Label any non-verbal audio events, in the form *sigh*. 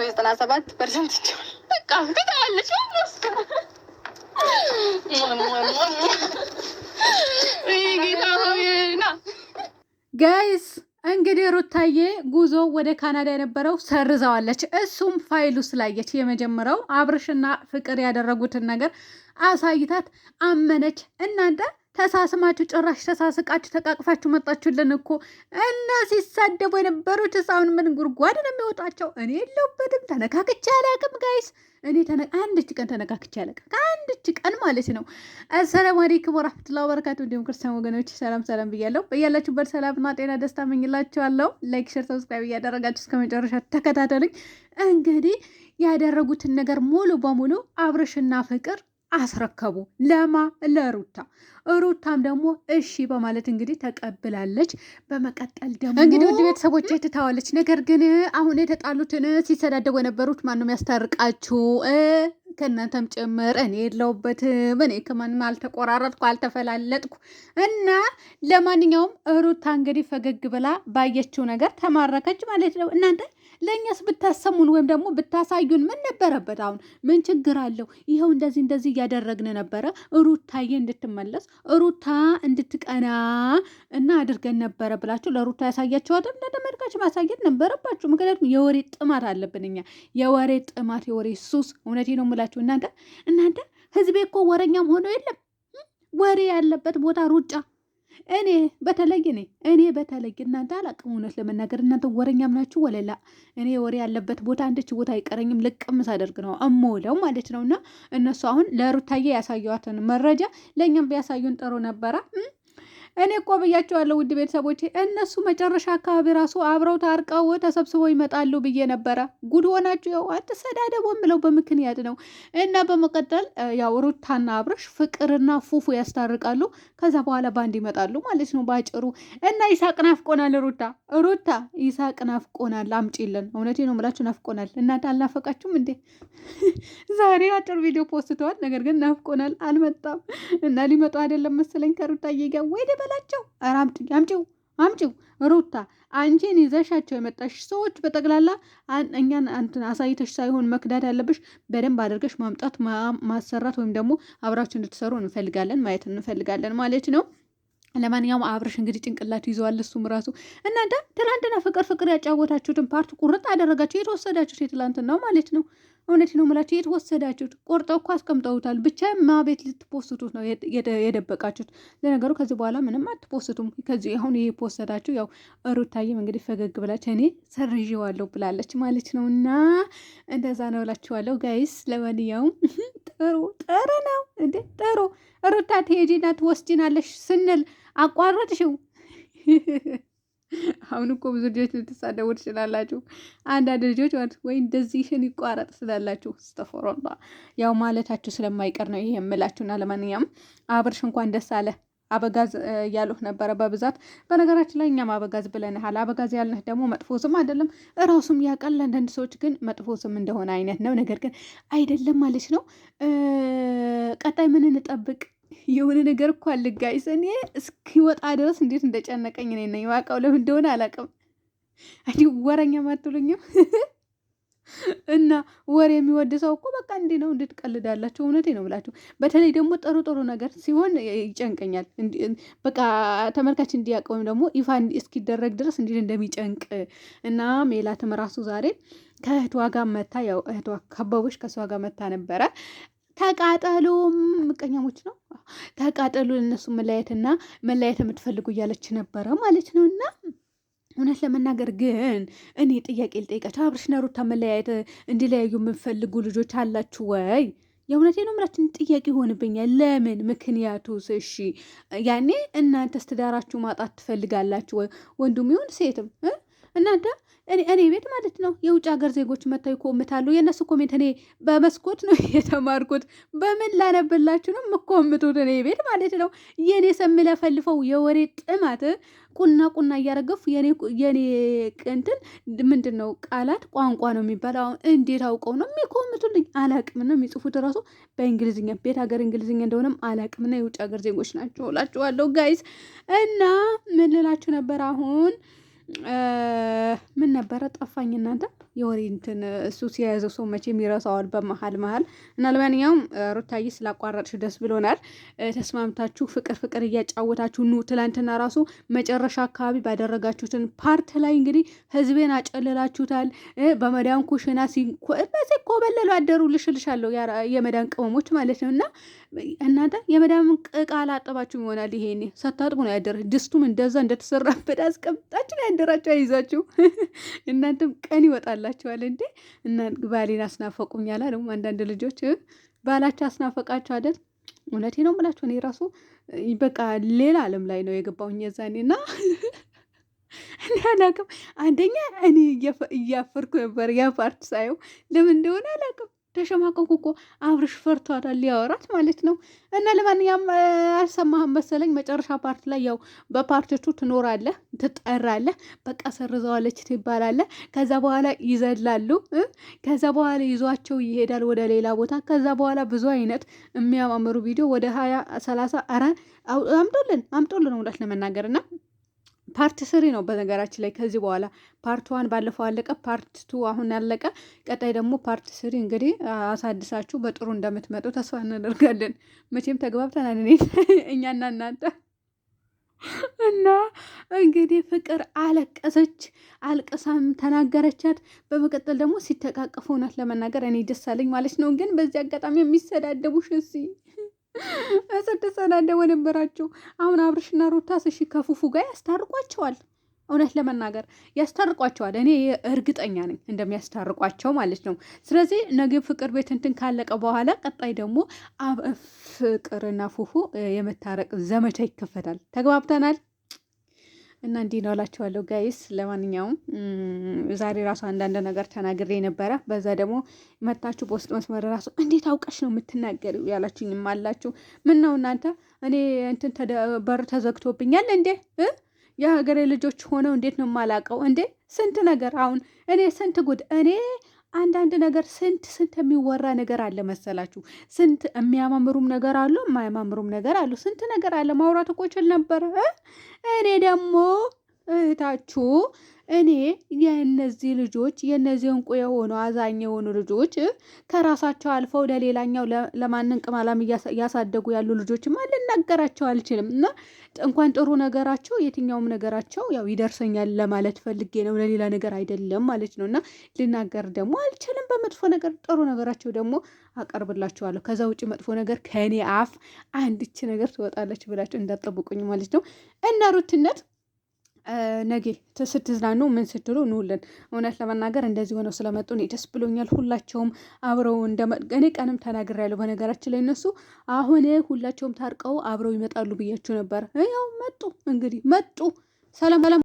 ዘጠና ሰባት ፐርሰንት በቃ ግጣለች። ጋይስ እንግዲህ ሩታዬ ጉዞ ወደ ካናዳ የነበረው ሰርዘዋለች። እሱም ፋይሉ ስላየች የመጀመሪያው አብርሽና ፍቅር ያደረጉትን ነገር አሳይታት አመነች። እናንተ ተሳስማችሁ ጭራሽ ተሳስቃችሁ ተቃቅፋችሁ መጣችሁልን እኮ እና ሲሳደቡ የነበሩት እስካሁን ምን ጉርጓድ ነው የሚወጣቸው? እኔ የለውበትም ተነካክቼ አላቅም ጋይስ። እኔ አንድች ቀን ተነካክቼ አላውቅም ከአንድች ቀን ማለት ነው። አሰላሙ አለይኩም ወራህመቱላሂ ወበረካቱ። እንዲሁም ክርስቲያን ወገኖች ሰላም ሰላም ብያለሁ። በያላችሁበት ሰላምና ጤና ደስታ መኝላችኋለሁ። ላይክ፣ ሼር፣ ሰብስክራይብ እያደረጋችሁ እስከ መጨረሻ ተከታተሉኝ። እንግዲህ ያደረጉትን ነገር ሙሉ በሙሉ አብርሽና ፍቅር አስረከቡ ለማ ለሩታ። ሩታም ደግሞ እሺ በማለት እንግዲህ ተቀብላለች። በመቀጠል ደግሞ እንግዲህ ውድ ቤተሰቦች ትታዋለች። ነገር ግን አሁን የተጣሉትን ሲሰዳደቡ የነበሩት ማንም ያስታርቃችሁ ከእናንተም ጭምር እኔ የለውበትም። እኔ ከማንም አልተቆራረጥኩ አልተፈላለጥኩ እና ለማንኛውም ሩታ እንግዲህ ፈገግ ብላ ባየችው ነገር ተማረከች ማለት ነው እናንተ ለእኛስ ብታሰሙን ወይም ደግሞ ብታሳዩን ምን ነበረበት? አሁን ምን ችግር አለው? ይኸው እንደዚህ እንደዚህ እያደረግን ነበረ ሩታዬ እንድትመለስ ሩታ እንድትቀና እና አድርገን ነበረ ብላችሁ ለሩታ ያሳያቸው አይደል? ለተመልካች ማሳየት ነበረባችሁ። ምክንያቱም የወሬ ጥማት አለብን እኛ የወሬ ጥማት፣ የወሬ ሱስ። እውነቴ ነው የምላችሁ እናንተ እናንተ ህዝቤ እኮ ወረኛም ሆኖ የለም ወሬ ያለበት ቦታ ሩጫ እኔ በተለይ እኔ እኔ በተለይ እናንተ አላቅም። እውነት ለመናገር እናንተ ወረኛም ናችሁ ወለላ። እኔ ወሬ ያለበት ቦታ አንድች ቦታ አይቀረኝም። ልቅምስ አደርግ ነው እምውለው ማለት ነው። እና እነሱ አሁን ለሩታዬ ያሳየዋትን መረጃ ለእኛም ቢያሳዩን ጥሩ ነበራ። እኔ እኮ ብያቸዋለሁ ውድ ቤተሰቦች እነሱ መጨረሻ አካባቢ ራሱ አብረው ታርቀው ተሰብስበው ይመጣሉ ብዬ ነበረ። ጉድ ሆናችሁ ያው አትሰዳደቡ የምለው በምክንያት ነው። እና በመቀጠል ያው ሩታና አብረሽ ፍቅርና ፉፉ ያስታርቃሉ። ከዛ በኋላ ባንድ ይመጣሉ ማለት ነው ባጭሩ። እና ይሳቅ ናፍቆናል። ሩታ ሩታ ይሳቅ ናፍቆናል፣ አምጪልን። እውነቴ ነው የምላችሁ ናፍቆናል። እናንተ አልናፈቃችሁም እንዴ? *laughs* ዛሬ አጭር ቪዲዮ ፖስትተዋል፣ ነገር ግን ናፍቆናል። አልመጣም እና ሊመጡ አይደለም መሰለኝ ከሩታ እየጋ ወይ በላቸው። ኧረ አምጪው አምጪው አምጪው ሩታ አንቺን ይዘሻቸው የመጣሽ ሰዎች በጠቅላላ እኛን አንትን አሳይተሽ ሳይሆን መክዳድ ያለብሽ በደንብ አድርገሽ ማምጣት ማሰራት፣ ወይም ደግሞ አብራችሁ እንድትሰሩ እንፈልጋለን ማየት እንፈልጋለን ማለት ነው። ለማንኛውም አብረሽ እንግዲህ ጭንቅላቱ ይዘዋል። እሱም ራሱ እናንተ ትናንትና ፍቅር ፍቅር ያጫወታችሁትን ፓርት ቁርጥ አደረጋችሁ። የተወሰዳችሁት ወሰዳችሁት? የትላንትናው ማለት ነው። እውነት ነው የምላችሁ፣ የተወሰዳችሁት ቆርጠው እኮ አስቀምጠውታል። ብቻ ማቤት ልትፖስቱት ነው የደበቃችሁት። ለነገሩ ከዚህ በኋላ ምንም አትፖስቱም። ከዚህ አሁን ይህ ፖስታችሁ ያው ሩታዬም እንግዲህ ፈገግ ብላች እኔ ሰርዤዋለሁ ብላለች ማለት ነው። እና እንደዛ ነው እላችኋለሁ ጋይስ። ለማንኛውም *laughs* ጥሩ ጥሩ ነው እንዴ ጥሩ ሩታ ትሄጂና ትወስጂናለሽ ስንል አቋረጥሽው። አሁን እኮ ብዙ ልጆች ልትሳደቡ ትችላላችሁ። አንዳንድ ልጆች ወይ እንደዚህን ይቋረጥ ስላላችሁ ስተፎሮላ ያው ማለታችሁ ስለማይቀር ነው ይሄ የምላችሁና ለማንኛውም አብርሽ እንኳን ደስ አለ። አበጋዝ ያሉህ ነበረ በብዛት በነገራችን ላይ እኛም አበጋዝ ብለንሃል። አበጋዝ ያልንህ ደግሞ መጥፎ ስም አይደለም፣ እራሱም ያቀል አንዳንድ ሰዎች ግን መጥፎ ስም እንደሆነ አይነት ነው፣ ነገር ግን አይደለም ማለት ነው። ቀጣይ ምን እንጠብቅ? የሆነ ነገር እኮ አልጋይስ እኔ እስኪወጣ ድረስ እንዴት እንደጨነቀኝ ነ ነኝ ዋቀው ለምን እንደሆነ አላውቅም። አዲ ወረኛ ማትሉኝም *laughs* እና ወሬ የሚወድ ሰው እኮ በቃ እንዲ ነው። እንድትቀልዳላቸው። እውነቴ ነው ብላችሁ በተለይ ደግሞ ጥሩ ጥሩ ነገር ሲሆን ይጨንቀኛል። በቃ ተመልካች እንዲያውቅ ወይም ደግሞ ይፋ እስኪደረግ ድረስ እንዲ እንደሚጨንቅ እና ሜላትም ራሱ ዛሬ ከእህቷ ጋር መታ፣ ያው እህቷ ከበቦች ከእሷ ጋር መታ ነበረ። ተቃጠሉም ምቀኛሞች ነው ተቃጠሉ እነሱ መለያየትና መለያየት የምትፈልጉ እያለች ነበረ ማለት ነው እና እውነት ለመናገር ግን እኔ ጥያቄ ልጠይቃቸው፣ አብርሽና ሩታ መለያየት እንዲለያዩ የምፈልጉ ልጆች አላችሁ ወይ? የእውነቴ ነው የምላችሁ፣ ጥያቄ ይሆንብኛል። ለምን ምክንያቱስ? እሺ ያኔ እናንተ ስትዳራችሁ ማጣት ትፈልጋላችሁ ወይ? ወንዱም ይሁን ሴትም እናንተ እኔ ቤት ማለት ነው የውጭ ሀገር ዜጎች መጥተው ይኮምታሉ። የእነሱ ኮሜንት እኔ በመስኮት ነው *laughs* የተማርኩት። በምን ላነብላችሁ ነው የምኮምቱት? እኔ ቤት ማለት ነው የእኔ ስምለፈልፈው የወሬ ጥማት ቁና ቁና እያረገፉ የኔ ቅንትን ምንድን ነው ቃላት ቋንቋ ነው የሚባለው። አሁን እንዴት አውቀው ነው የሚኮምቱልኝ? አላቅም ነው የሚጽፉት ራሱ በእንግሊዝኛ ቤት ሀገር እንግሊዝኛ እንደሆነም አላቅም ነው። የውጭ ሀገር ዜጎች ናቸው እላችኋለሁ ጋይስ። እና ምን ልላችሁ ነበር አሁን ምን ነበረ ጠፋኝ እናንተ የወሬ እንትን እሱ ሲያያዘው ሰው መቼ የሚረሳዋል? በመሀል መሀል እና ለማንኛውም ሩታዬ ስላቋረጥሽ ደስ ብሎናል ተስማምታችሁ ፍቅር ፍቅር እያጫወታችሁ ኑ ትላንትና ራሱ መጨረሻ አካባቢ ባደረጋችሁትን ፓርት ላይ እንግዲህ ህዝቤን አጨልላችሁታል በመዳን ኩሽና በዚህ ኮበለሉ አደሩ ልሽልሻለሁ የመዳን ቅመሞች ማለት ነው እና እናንተ የመዳን ቅቃል አጥባችሁ ይሆናል ይሄኔ ሰታጥቡ ነው ያደረ ድስቱም እንደዛ እንደተሰራበት አስቀምጣችሁ እንደራችሁ አይዛችሁ *laughs* እናንተም ቀን ይወጣላችኋል እንዴ እና ባሌን አስናፈቁኛል አለ አንዳንድ ልጆች ባላቸው አስናፈቃቸው አይደል እውነቴ ነው የምላችሁ እኔ ራሱ በቃ ሌላ አለም ላይ ነው የገባሁኝ የዛኔ እና *laughs* አላውቅም አንደኛ እኔ እያፈርኩ ነበር ያ ፓርት ሳየው ለምን እንደሆነ አላውቅም ተሸማቀቁ እኮ አብርሽ ፈርቶ አይደል ሊያወራት ማለት ነው። እና ለማንኛውም አልሰማህም መሰለኝ መጨረሻ ፓርት ላይ ያው በፓርቲቱ ትኖራለህ፣ ትጠራለህ፣ በቃ ሰርዘዋለች ትባላለህ። ከዛ በኋላ ይዘላሉ። ከዛ በኋላ ይዟቸው ይሄዳል ወደ ሌላ ቦታ። ከዛ በኋላ ብዙ አይነት የሚያማምሩ ቪዲዮ ወደ ሀያ ሰላሳ አረ አምጦልን አምጦልን እውነት ለመናገር እና ፓርት ስሪ ነው በነገራችን ላይ ከዚህ በኋላ ፓርት ዋን ባለፈው አለቀ። ፓርት ቱ አሁን አለቀ። ቀጣይ ደግሞ ፓርት ስሪ እንግዲህ አሳድሳችሁ በጥሩ እንደምትመጡ ተስፋ እናደርጋለን። መቼም ተግባብተናል *laughs* እኛና እናንተ *laughs* እና እንግዲህ ፍቅር አለቀሰች፣ አልቀሳም ተናገረቻት። በመቀጠል ደግሞ ሲተቃቀፉ እውነት ለመናገር እኔ ደስ አለኝ ማለት ነው። ግን በዚህ አጋጣሚ የሚሰዳደቡሽ እሺ ስድስት ደግሞ ነበራቸው። አሁን አብርሽና ሩታስ እሺ ከፉፉ ጋር ያስታርቋቸዋል። እውነት ለመናገር ያስታርቋቸዋል። እኔ እርግጠኛ ነኝ እንደሚያስታርቋቸው ማለት ነው። ስለዚህ ነገ ፍቅር ቤት እንትን ካለቀ በኋላ ቀጣይ ደግሞ ፍቅርና ፉፉ የመታረቅ ዘመቻ ይከፈታል። ተግባብተናል። እና እንዲህ ነው እላችኋለሁ ጋይስ። ለማንኛውም ዛሬ ራሱ አንዳንድ ነገር ተናግሬ ነበረ። በዛ ደግሞ መታችሁ በውስጥ መስመር ራሱ እንዴት አውቀሽ ነው የምትናገሪው ያላችሁኝም አላችሁ። ምን ነው እናንተ እኔ እንትን በር ተዘግቶብኛል እንዴ? የሀገሬ ልጆች ሆነው እንዴት ነው የማላውቀው እንዴ? ስንት ነገር አሁን እኔ ስንት ጉድ እኔ አንዳንድ ነገር ስንት ስንት የሚወራ ነገር አለ መሰላችሁ። ስንት የሚያማምሩም ነገር አሉ፣ የማያማምሩም ነገር አሉ። ስንት ነገር አለ። ማውራት እኮ እችል ነበር። እኔ ደግሞ እህታችሁ እኔ የእነዚህ ልጆች የእነዚህ እንቁ የሆኑ አዛኝ የሆኑ ልጆች ከራሳቸው አልፈው ለሌላኛው ለማንን ቅማላም እያሳደጉ ያሉ ልጆችማ ልናገራቸው አልችልም። እና እንኳን ጥሩ ነገራቸው የትኛውም ነገራቸው ያው ይደርሰኛል ለማለት ፈልጌ ነው፣ ለሌላ ነገር አይደለም ማለት ነው። እና ልናገር ደግሞ አልችልም። በመጥፎ ነገር ጥሩ ነገራቸው ደግሞ አቀርብላችኋለሁ። ከዛ ውጭ መጥፎ ነገር ከእኔ አፍ አንድች ነገር ትወጣለች ብላችሁ እንዳጠብቁኝ ማለት ነው እና ሩትነት ነገ ስትዝናኑ ምን ስትሉ እንውልን። እውነት ለመናገር እንደዚህ ሆነው ስለመጡ እኔ ደስ ብሎኛል። ሁላቸውም አብረው እኔ ቀንም ተናግሬያለሁ። በነገራችን ላይ እነሱ አሁን ሁላቸውም ታርቀው አብረው ይመጣሉ ብያችሁ ነበር። ያው መጡ እንግዲህ መጡ። ሰላም